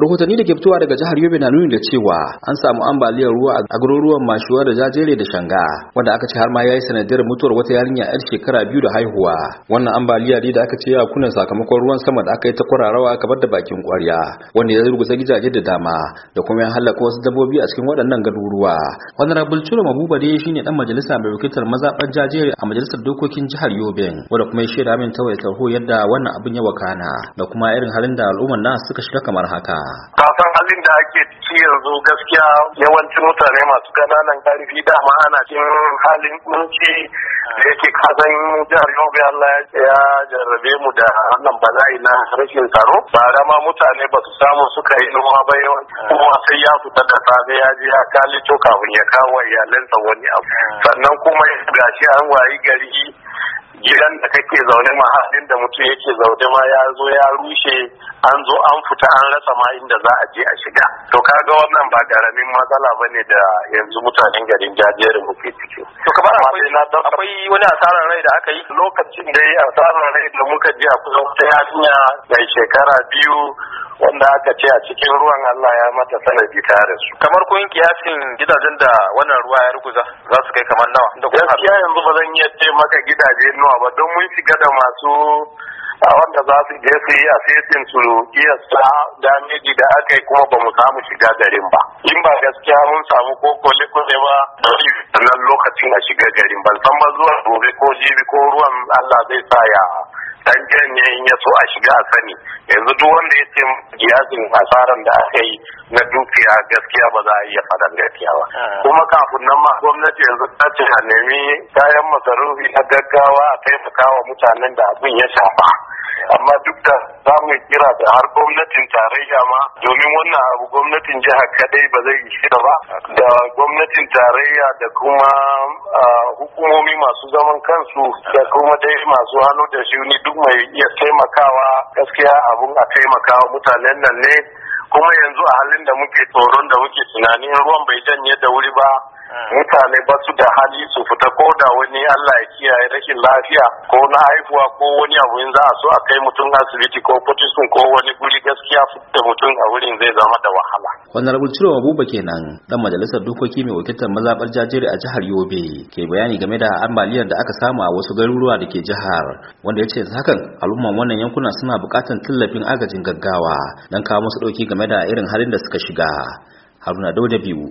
rahotanni da ke fitowa daga jihar yobe na nuni da cewa an samu ambaliyar ruwa a garuruwan mashuwa da jajere da shanga wanda aka ce har ma yayi sanadiyar mutuwar wata yarinya yar shekara biyu da haihuwa wannan ambaliya ne da aka ce ya kuna sakamakon ruwan sama da aka yi ta kwararawa kamar da bakin kwarya wanda ya ruguza gidaje da dama da kuma ya halaka wasu dabbobi a cikin waɗannan garuruwa honorable ciro mabuba dai ne dan majalisa mai wakiltar mazaɓar jajere a majalisar dokokin jihar yobe wanda kuma ya shaida min tawaye tarho yadda wannan abin ya wakana da kuma irin halin da al'ummar nan suka shiga kamar haka Kasan halin da ake ci yanzu gaskiya yawancin mutane masu ƙananan karfi dama ana cikin halin kunci da yake kasan jihar yobe allah ya jarrabe mu da wannan bala'i na rashin tsaro bara ma mutane ba su samu suka yi noma ba yawancin. kuma sai ya fita da safe ya je ya kalito kafin ya kawo iyalansa wani abu sannan kuma gashi an wayi gari gidan da kake zaune ma halin da mutum yake zaune ma ya zo ya rushe an zo an fita an rasa ma inda za a je a shiga to kaga wannan ba garamin matsala bane da yanzu mutanen garin jajerin muke ciki to kamar akwai wani asarar rai da aka yi lokacin da asarar rai da muka je a kusa ta yarinya da shekara biyu wanda aka ce a cikin ruwan Allah ya mata sanadi tare su kamar kun kiyasin gidajen da wannan ruwa ya ruguza za su kai kamar nawa gaskiya yanzu ba zan iya ce maka gidaje nawa ba don mun shiga da masu a wanda za su je su yi a asisin su kiyasta dameji da aka yi kuma ba mu samu shiga garin ba in ba gaskiya mun samu ko kole kole ba a nan lokacin a shiga garin ban san ba zuwa gobe ko jibi ko ruwan Allah zai sa ya dan ne ya so a shiga a sani yanzu duk wanda ya ce kiyasin hasaran da aka yi na dukiya gaskiya ba za a iya faɗan gaskiya ba ah. kuma kafin nan ma gwamnati yanzu ta ce a nemi kayan masarufi na gaggawa a taimaka wa mutanen da abin ya shafa amma duk da za mu kira da har gwamnatin tarayya ma domin wannan abu gwamnatin jiha kadai ba zai yi ba da gwamnatin tarayya da kuma hukumomi masu zaman kansu da kuma dai masu hannu da shuni duk mai iya taimakawa gaskiya abun a taimakawa mutanen nan ne kuma yanzu a halin da muke tsoron da muke tunanin ruwan bai janye da wuri ba Ah. mutane ba su da hali su fita ko da wani Allah ya kiyaye rashin lafiya ko na haihuwa ko wani abu in za a so a kai mutum asibiti ko potisun ko wani guri gaskiya da mutum a wurin zai zama da wahala. Honorable Ciro Abuba kenan dan majalisar dokoki mai wakiltar mazabar jajiri a jihar Yobe ke bayani game da ambaliyar da aka samu a wasu garuruwa da ke jihar wanda ya ce hakan al'umman wannan yankuna suna buƙatar tallafin agajin gaggawa don kawo musu ɗauki game da irin halin da suka shiga. Haruna Dauda biyu